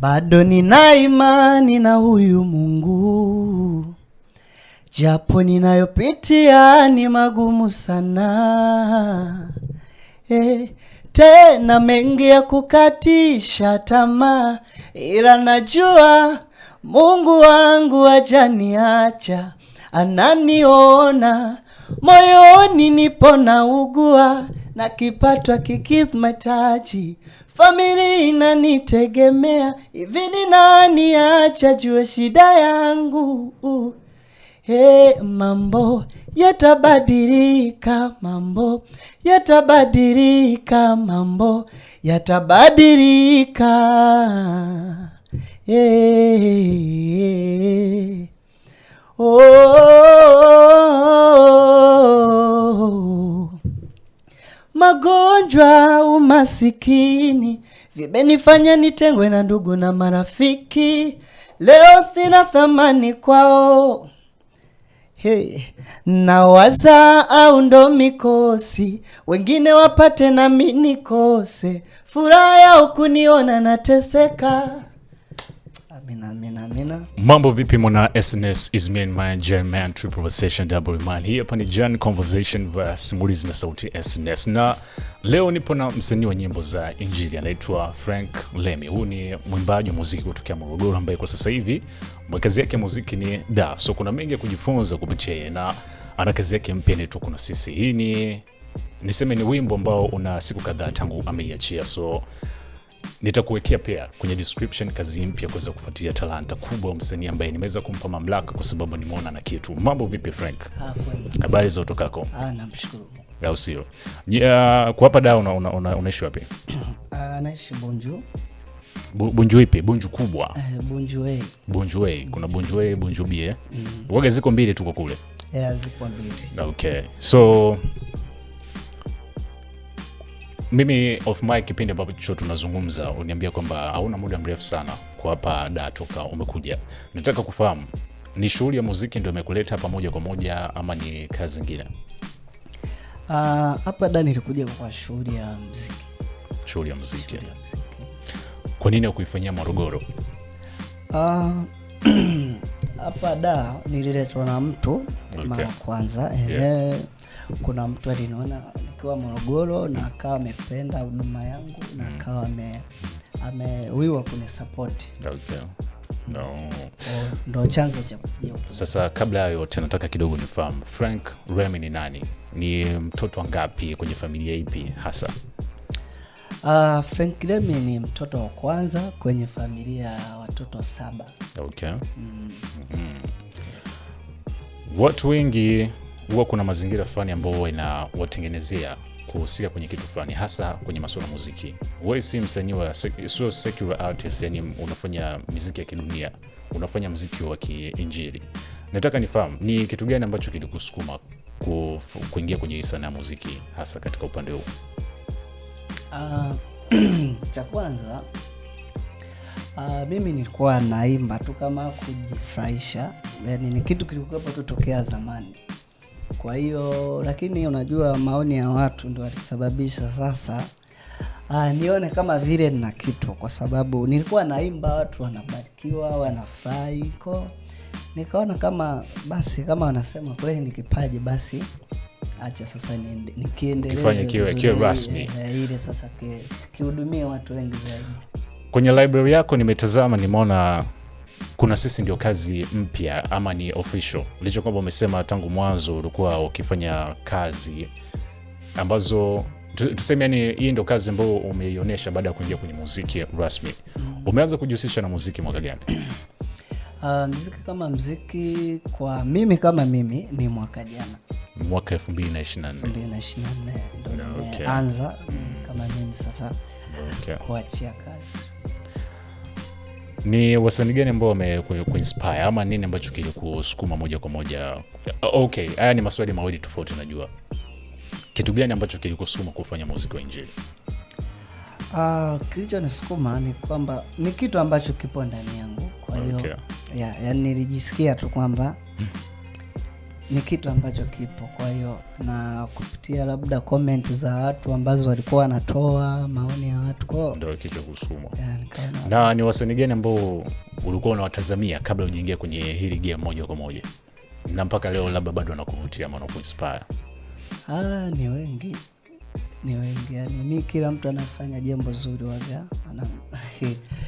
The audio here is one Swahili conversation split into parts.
Bado nina imani na huyu Mungu, japo ninayopitia ni magumu sana eh, tena mengi ya kukatisha tamaa, ila najua Mungu wangu hajaniacha, ananiona moyoni, nipo ugua na kipatwa kikithmataji familia inanitegemea, hivi ni nani acha jua shida yangu uh. Hey, mambo yatabadilika, mambo yatabadilika, mambo yatabadilika. Hey, oh, oh, oh, oh. Magonjwa, umasikini vimenifanya nitengwe na ndugu na marafiki. Leo sina thamani kwao. Hey, nawaza au ndo mikosi, wengine wapate nami nikose, furaha ya ukuniona nateseka. Mina, mina, mina. Mambo vipi mwana SNS is me and my Gen Man Triple Double Man. Hii hapa ni jan Conversation via simulizi na sauti SNS. Na leo nipo na msanii wa nyimbo za Injili anaitwa Frank Lemi. huu ni mwimbaji wa muziki kutokea Morogoro ambaye kwa sasa hivi kazi yake ya muziki ni da. So kuna mengi ya kujifunza kupitia yeye na ana kazi yake mpya inaitwa Kuna Sisi. Hii ni niseme ni wimbo ambao una siku kadhaa tangu ameiachia. So nitakuwekea pia kwenye description kazi mpya kuweza kufuatilia talanta kubwa msanii ambaye nimeweza kumpa mamlaka kwa sababu nimeona na kitu. Mambo vipi Frank? Ah, Habari za utokako? Ah, Au sio? Ah, kwa da unaishi una, una, una wapi? Bunju. Bunju ipi? Bunju kubwa. Eh, Bunju wei Kuna Bunju wei Bunju bie eh? Mm. Waga ziko mbili tu kule. Yeah, ziko mbili. Okay. So mimi of my kipindi ambacho tunazungumza uniambia kwamba hauna muda mrefu sana kwa hapa da toka umekuja. Nataka kufahamu ni shughuli ya muziki ndio imekuleta hapa moja kwa moja ama ni kazi ah, hapa Uh, da nilikuja kwa shughuli ya muziki. Shughuli ya muziki. Kwa nini hukuifanyia Morogoro? Uh, ah, da nililetwa na mtu okay. Mara kwanza yeah. kuna mtu aliniona akiwa Morogoro na akawa amependa huduma yangu mm. na akawa ame amewiwa kunisapoti okay. No. Ndo chanzo cha sasa. Kabla ya yote, nataka kidogo nifahamu Frank Remi ni nani? Ni mtoto ngapi kwenye familia ipi hasa? Uh, Frank Remi ni mtoto wa kwanza kwenye familia ya watoto saba. Okay. Mm. Mm. Watu wengi huwa kuna mazingira fulani ambao inawatengenezea kuhusika kwenye kitu fulani, hasa kwenye masuala ya muziki. Wewe si msanii wa sio secular artist, yani unafanya muziki ya kidunia, unafanya muziki wa kiinjili. Nataka nifahamu ni kitu gani ambacho kilikusukuma kuingia kwenye sanaa ya muziki hasa katika upande huu? Uh, cha kwanza uh, mimi nilikuwa naimba tu kama kujifurahisha, yani ni kitu kilikuwa tu tokea zamani kwa hiyo lakini unajua maoni ya watu ndo alisababisha sasa Aa, ah, nione kama vile nina kitu, kwa sababu nilikuwa naimba watu wanabarikiwa, wanafurahi ko, nikaona kama basi, kama wanasema kweli ni kipaji, basi acha sasa nikiendelee kiwe rasmi eh, eh, ile sasa kihudumie watu wengi zaidi. Kwenye library yako nimetazama, nimeona kuna sisi ndio kazi mpya ama ni official, licha kwamba umesema tangu mwanzo ulikuwa ukifanya kazi ambazo tuseme, yani hii ndio kazi ambayo umeionyesha baada ya kuingia kwenye muziki rasmi. Mm. Umeanza kujihusisha na muziki mwaka gani? Uh, ah, mziki kama mziki kwa mimi kama mimi ni mwaka jana, mwaka 2024 2024 ndio nimeanza mm. kama mimi sasa, okay. kuachia kazi ni wasanii gani ambao wamekuinspire ama nini ambacho kilikusukuma moja kwa moja? Okay, haya ni maswali mawili tofauti, najua. Kitu gani ambacho kilikusukuma kufanya muziki wa Injili? Uh, ah, nisukuma ni kwamba ni kitu ambacho kipo ndani yangu, kwa hiyo okay. Yeah, yani nilijisikia tu kwamba hmm ni kitu ambacho kipo. Kwa hiyo na kupitia labda koment za watu ambazo walikuwa wanatoa maoni ya watu kwao, ndio na ni wasani gani ambao ulikuwa unawatazamia kabla ujaingia kwenye hili gia moja kwa moja, na mpaka leo labda bado wanakuvutia ama Ah, ni wengi ni wengi, yani mi kila mtu anafanya jambo zuri waga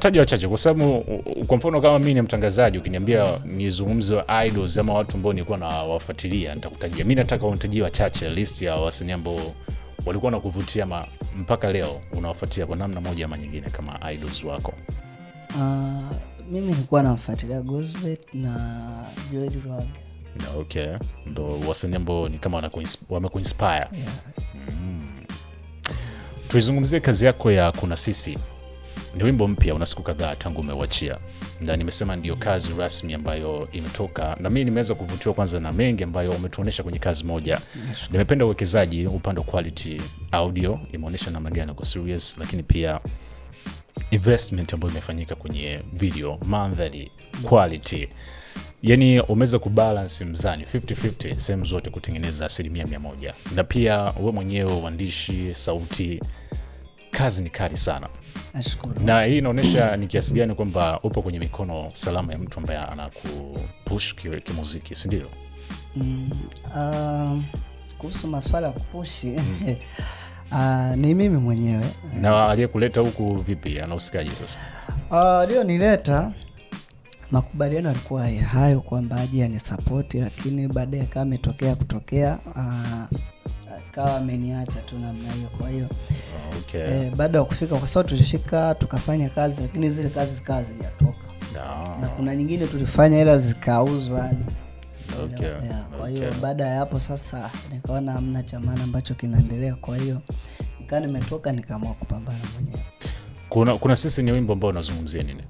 Taja wachache kwa sababu kwa mfano kama mimi ni mtangazaji, ukiniambia nizungumze idols ama watu ambao nilikuwa nawafuatilia, nitakutajia. Mimi nataka unitajie wachache, list ya wasanii ambao walikuwa nakuvutia ma, mpaka leo unawafuatilia kwa namna moja ama nyingine kama idols wako. Uh, mimi nilikuwa namfuatilia Gosvet na Joel Rwaga. Okay, ndo wasanii ambao ni kama wamekuinspire. Yeah. Mm. Tuizungumzie kazi yako ya Kuna Sisi. Ni wimbo mpya, una siku kadhaa tangu umewachia na nimesema ndio kazi rasmi ambayo imetoka, na mii nimeweza kuvutiwa kwanza na mengi ambayo umetuonyesha kwenye kazi moja. Nimependa uwekezaji upande wa quality audio, imeonyesha namna gani uko serious, lakini pia investment ambayo imefanyika kwenye video, mandhari, quality Yani umeweza kubalansi mzani 50 sehemu zote, kutengeneza asilimia mia moja, na pia we mwenyewe uandishi, sauti kazi ni kali sana. Nashukuru. Na hii inaonyesha ni kiasi gani kwamba upo kwenye mikono salama ya mtu ambaye anakupush kimuziki, si ndio? Mm, uh, kuhusu maswala ya mm. Uh, ni mimi mwenyewe na aliyekuleta huku vipi, anahusikaje sasa? Uh, leo nileta makubaliano yalikuwa hayo kwamba aje anisapoti, lakini baadaye kama ametokea kutokea uh, kawa ameniacha tu namna hiyo. Kwa hiyo okay. Eh, baada ya kufika kwa sababu tulifika tukafanya kazi, lakini zile kazi zikawa zijatoka no. na kuna nyingine tulifanya ila zikauzwa okay. yeah, kwa hiyo okay. baada ya hapo sasa nikaona amna cha maana ambacho kinaendelea, kwa hiyo nikaa nimetoka nikaamua kupambana mwenyewe. Kuna, kuna sisi ni wimbo ambao unazungumzia nini?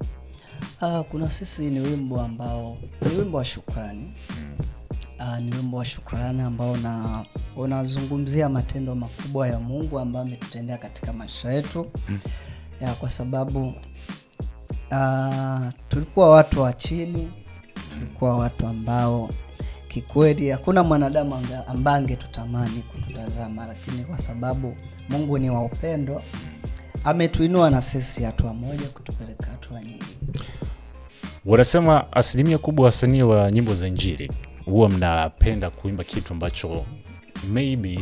uh, kuna sisi ni wimbo ambao ni wimbo wa shukrani mm Uh, ni wimbo wa shukrani ambao na unazungumzia matendo makubwa ya Mungu ambayo ametutendea katika maisha yetu mm. ya, kwa sababu uh, tulikuwa watu wa chini, tulikuwa watu ambao kikweli hakuna mwanadamu ambaye angetutamani kututazama, lakini kwa sababu Mungu ni wa upendo, ametuinua na sisi hatua moja kutupeleka hatua nyingine. Wanasema asilimia kubwa wasanii wa nyimbo za injili huwa mnapenda kuimba kitu ambacho maybe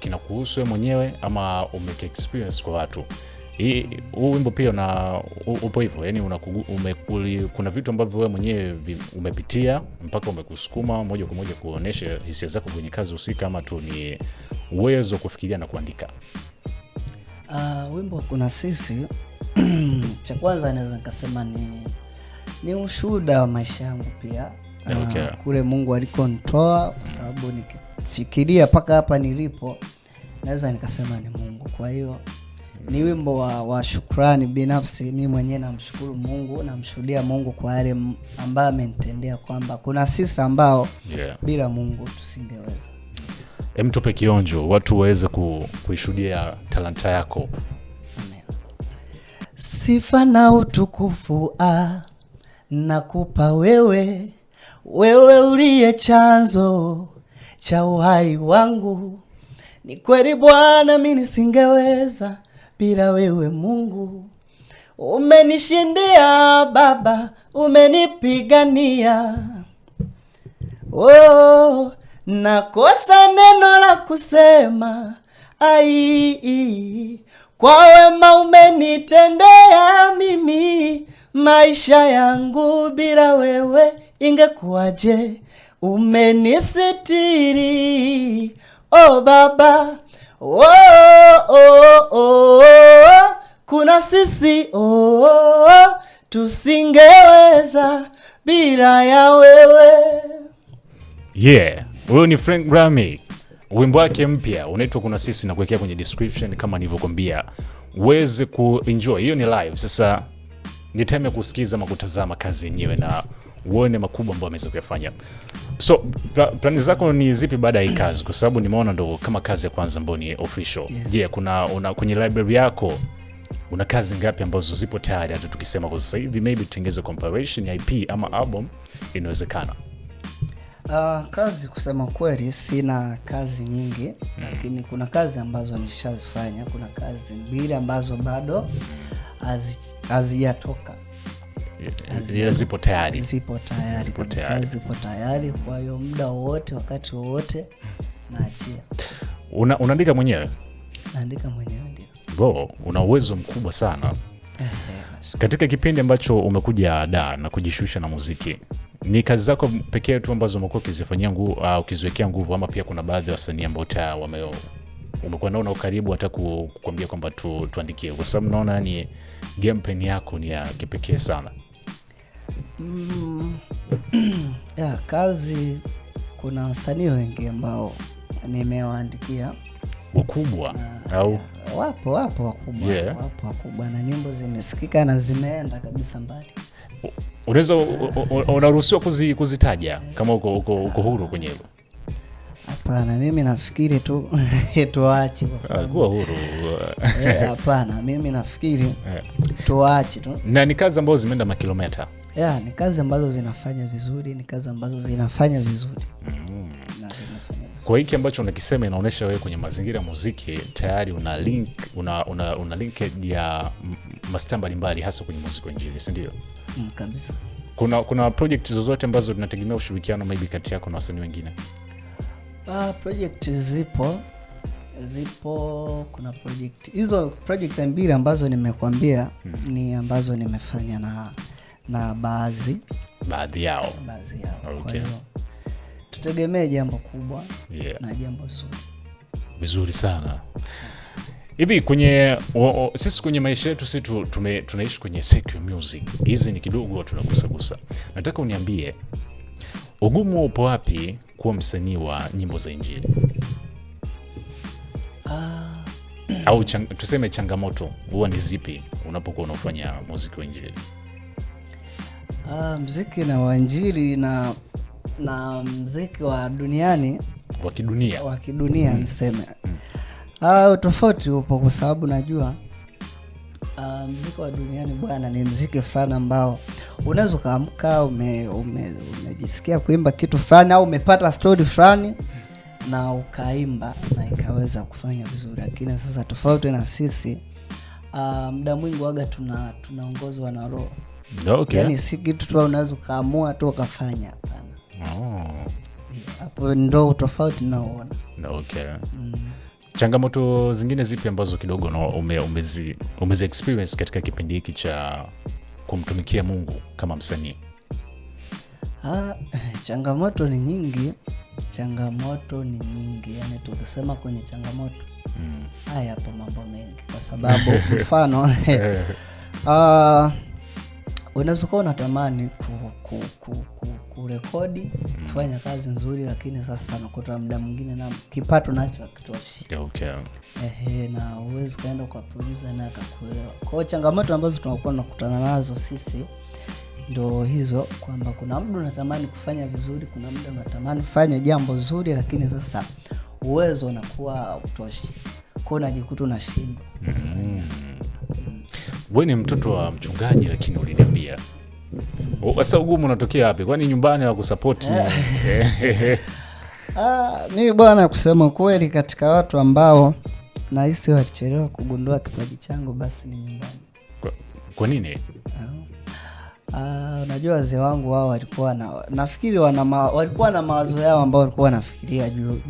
kina kuhusu mwenyewe ama umekiexperience kwa watu. Huu wimbo pia una upo hivyo, yani kuna vitu ambavyo wewe mwenyewe umepitia mpaka umekusukuma moja kwa moja kuonesha hisia zako kwenye kazi husika, ama tu ni uwezo wa kufikiria na kuandika. Uh, wimbo kuna sisi cha kwanza naweza nikasema ni, ni ushuhuda wa maisha yangu pia na okay. Ah, kule Mungu alikontoa kwa sababu nikifikiria mpaka hapa nilipo naweza nikasema ni Mungu. Kwa hiyo ni wimbo wa, wa shukrani binafsi. mi mwenyewe namshukuru Mungu, namshuhudia Mungu kwa yale ambayo amenitendea, kwamba kuna sisi ambao yeah. bila Mungu tusingeweza. mtupe kionjo watu waweze kuishuhudia talanta yako. Sifa na utukufu a ah, nakupa wewe wewe uliye chanzo cha uhai wangu. Ni kweli Bwana, mimi nisingeweza bila wewe Mungu. Umenishindia Baba, umenipigania. Oh, nakosa neno la kusema ai kwa wema umenitendea mimi, maisha yangu bila wewe ingekuwaje? Umenisitiri o Baba, oh, oh, oh, oh. Kuna sisi oh, oh, tusingeweza bila ya wewe. Yeah, huyo ni Frank Grammy wimbo wake mpya unaitwa Kuna Sisi na kuwekea kwenye description kama nilivyokuambia, uweze kuenjoy. Hiyo ni live. Sasa ni time ya kusikiza makutazama kazi yenyewe na uone makubwa ambayo ameweza kuyafanya. So pla plani zako ni zipi baada ya hii kazi, kwa sababu nimeona ndo kama kazi ya kwanza ambayo ni official? Je, yes. Yeah, kuna una, kwenye library yako una kazi ngapi ambazo zipo tayari? Hata tukisema kwa sasa hivi maybe tutengeze compilation ya ip ama album, inawezekana. Uh, kazi kusema kweli sina kazi nyingi mm. Lakini kuna kazi ambazo nishazifanya. Kuna kazi mbili ambazo bado hazijatoka, zipo tayari, zipo tayari zipo tayari. Kwa hiyo muda wowote, wakati wowote naachia. Una, unaandika mwenyewe? Naandika mwenyewe ndio. una uwezo mkubwa sana katika kipindi ambacho umekuja da na kujishusha na muziki ni kazi zako pekee tu ambazo umekuwa ukizifanyia nguvu, uh, ah, ukiziwekea nguvu, ama pia kuna baadhi ya wasanii ambao ta umekuwa nao na ukaribu hata kukwambia kwamba tu, tuandikie, kwa sababu naona ni game pen yako ni ya kipekee sana. Mm, ya, kazi kuna wasanii wengi ambao nimewaandikia wakubwa au wapo wapo wakubwa, yeah. Wapo wakubwa na nyimbo zimesikika na zimeenda kabisa mbali unaweza unaruhusiwa kuzi, kuzitaja kama uko, uko, uko huru kwenye hilo? Hapana, mimi nafikiri tu tuache kwa sababu ah, kuwa huru. Uh, eh, hapana, mimi nafikiri eh. tuache tu, na ni kazi ambazo zimeenda makilometa. Yeah, ni kazi ambazo zinafanya vizuri, ni kazi ambazo zinafanya vizuri mm. Kwa hiki ambacho unakisema inaonyesha wewe kwenye mazingira ya muziki tayari una link, una, una, una linkage ya mastaa mbalimbali hasa kwenye muziki wa Injili, si ndio? Mm, kabisa. Kuna, kuna project zozote ambazo tunategemea ushirikiano maybe kati yako na wasanii wengine? Uh, project zipo zipo, kuna project hizo, project mbili ambazo nimekuambia hmm. ni ambazo nimefanya na na baadhi baadhi yao, baadhi yao. Okay. Kwa hiyo tutegemee jambo kubwa yeah. na jambo zuri vizuri sana hivi kwenye o, o, sisi kwenye maisha yetu si tunaishi kwenye secular music, hizi ni kidogo tunagusagusa. Nataka uniambie ugumu upo wapi kuwa msanii wa nyimbo za injili? uh, au chang, tuseme changamoto huwa ni zipi unapokuwa unafanya muziki wa injili? uh, ah, mziki na wa injili na na mziki wa duniani wa kidunia wa kidunia mm. niseme mm. uh, tofauti upo kwa sababu najua uh, mziki wa duniani bwana ni mziki fulani ambao unaweza ukaamka umejisikia ume, ume kuimba kitu fulani au umepata stori fulani na ukaimba na ikaweza kufanya vizuri, lakini sasa tofauti na sisi uh, muda mwingi waga tuna tunaongozwa na roho okay. Yani si kitu tu unaweza ukaamua tu ukafanya, hapana hapo ndo utofauti naona. Okay. Mm. Changamoto zingine zipi ambazo kidogo no, umezi, ume ume katika kipindi hiki cha kumtumikia Mungu kama msanii? Ah, eh, changamoto ni nyingi, changamoto ni nyingi, yani tukisema kwenye changamoto mm. haya mambo mengi kwa sababu mfano ah, unaweza kuwa unatamani ku, ku, ku, kurekodi kufanya kazi nzuri, lakini sasa nakuta mda mwingine na kipato nacho akitoshi Okay. Ehe, na uwezi ukaenda kwa naye akakuelewa. kwao. changamoto ambazo tunakuwa tunakutana nazo sisi ndo hizo kwamba kuna mda unatamani kufanya vizuri, kuna mda unatamani kufanya jambo zuri, lakini sasa uwezo unakuwa utoshi kwa unajikuta unashindwa mm -hmm wewe ni mtoto wa mchungaji, lakini uliniambia sasa. Ugumu unatokea wapi? kwani nyumbani hawakusapoti? Ah, bwana, kusema kweli, katika watu ambao nahisi walichelewa kugundua kipaji changu basi ni nyumbani. Kwa, kwa nini? Ah, ah, unajua wazee wangu wao walikuwa na nafikiri wana ma, walikuwa na mawazo yao ambao walikuwa wanafikiria juu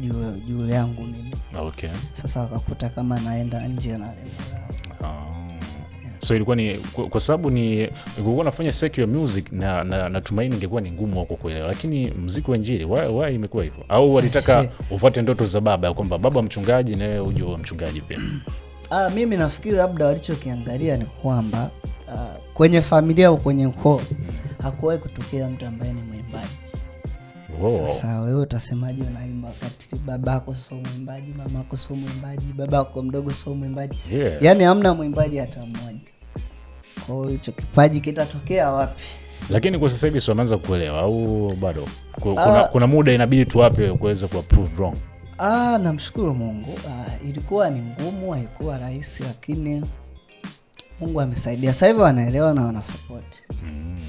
juu yangu mimi. Okay. Sasa wakakuta kama naenda nje na so ilikuwa ni kwa sababu ni nilikuwa nafanya secular music na, na natumaini ingekuwa ni ngumu wako kuelewa, lakini muziki wa injili why, why imekuwa hivyo? Au walitaka ufuate ndoto za baba, kwamba baba mchungaji na wewe uje mchungaji pia? Ah, mimi nafikiri labda walichokiangalia ni kwamba ah, kwenye familia au kwenye ukoo hakuwahi kutokea mtu ambaye ni mwimbaji. Wow. Sasa wewe utasemaje unaimba wakati babako sio mwimbaji, mamako sio mwimbaji, babako mdogo sio mwimbaji? Yeah. Yaani hamna mwimbaji hata mmoja hicho kipaji kitatokea wapi? Lakini kwa sasa hivi si wameanza kuelewa au bado kuna, ah. kuna muda inabidi tuwape kuweza kuwa Ah, namshukuru Mungu. Ah, ilikuwa ni ngumu, haikuwa rahisi, lakini Mungu amesaidia. Sasa hivi wanaelewa na wanasapoti yeah. Hmm.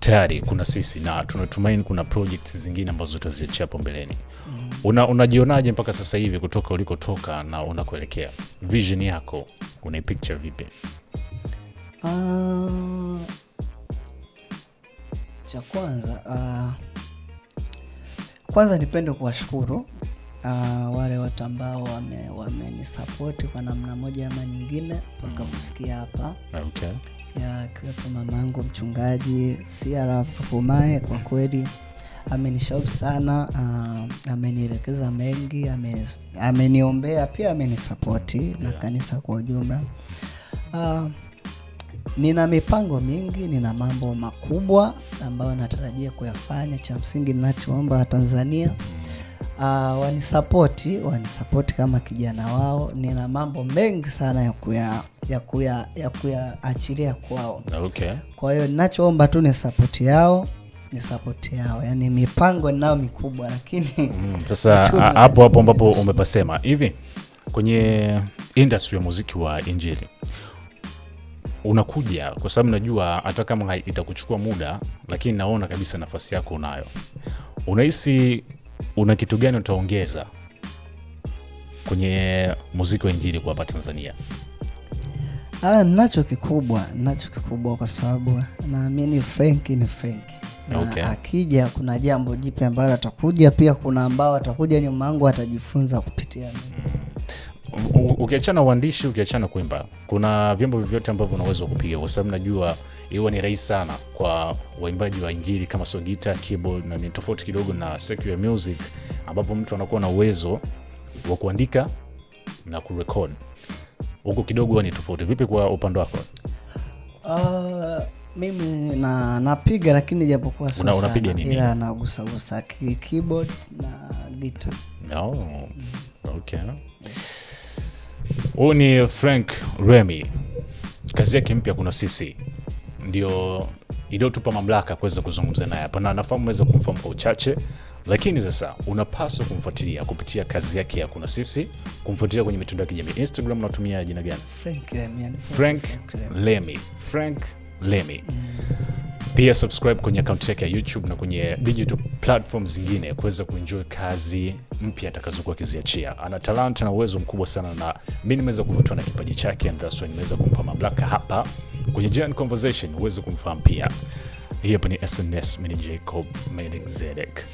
Tayari kuna sisi na tunatumaini kuna project zingine ambazo utaziachia hapo mbeleni mm. Una, unajionaje mpaka sasa hivi kutoka ulikotoka na unakuelekea vision yako unaipicture vipi? Ah, cha kwanza ah, kwanza nipende kuwashukuru ah, wale watu ambao wamenisapoti wame kwa namna moja ama nyingine mpaka mm. kufikia hapa okay. Akiwepo mamangu mchungaji Siaraf kumae kwa kweli amenishauri sana, amenielekeza mengi, ameniombea pia, amenisapoti yeah. na kanisa kwa ujumla. Nina mipango mingi, nina mambo makubwa ambayo natarajia kuyafanya. Cha msingi ninachoomba Watanzania uh, wanisapoti, wanisapoti kama kijana wao. Nina mambo mengi sana ya kuya ya kuya ya kuyaachilia kwao, okay. Kwa hiyo ninachoomba tu ni sapoti yao ni sapoti yao, yani mipango ninayo mikubwa, lakini mm, sasa hapo hapo ambapo umepasema hivi kwenye industry ya muziki wa Injili unakuja kwa sababu najua hata kama itakuchukua muda, lakini naona kabisa nafasi yako unayo. Unahisi una kitu gani utaongeza kwenye muziki wa injili kwa hapa Tanzania? Ah, nacho kikubwa, nacho kikubwa kwa sababu naamini Frank ni Frank na okay. Akija kuna jambo jipya ambalo atakuja, pia kuna ambao atakuja nyuma yangu atajifunza kupitia mimi. Mm ukiachana uandishi, ukiachana kuimba, kuna vyombo vyovyote ambavyo unaweza kupiga, kwa sababu najua iwa ni rahisi sana kwa waimbaji wa Injili kama sio gita, keyboard, na ni tofauti kidogo na secular music ambapo mtu anakuwa na uwezo wa kuandika na kurekod. Huko kidogo ni tofauti. Vipi kwa upande wako? Uh, mimi na napiga lakini japokuwa sio sana. Unapiga Ila nagusa gusa keyboard na gita. No. Oh, mm. Okay. Huyu ni Frank Remy, kazi yake mpya Kuna Sisi ndio iliyotupa mamlaka kuweza kuzungumza naye hapa, na nafahamu naweza kumfahamu kwa uchache, lakini sasa unapaswa kumfuatilia kupitia kazi yake ya Kuna Sisi, kumfuatilia kwenye mitandao ya kijamii. Instagram unatumia jina gani? Frank Lemi. Frank Lemi. Frank Lemi. Mm. Pia subscribe kwenye akaunti yake ya YouTube na kwenye digital platform zingine kuweza kuenjoy kazi mpya atakazokuwa akiziachia. Ana talanta na uwezo mkubwa sana, na mimi nimeweza kuvutiwa na kipaji chake, and that's why nimeweza kumpa mamlaka hapa kwenye jan Conversation uweze kumfahamu pia. Hii hapa ni SNS, mini jacob Jacob zedek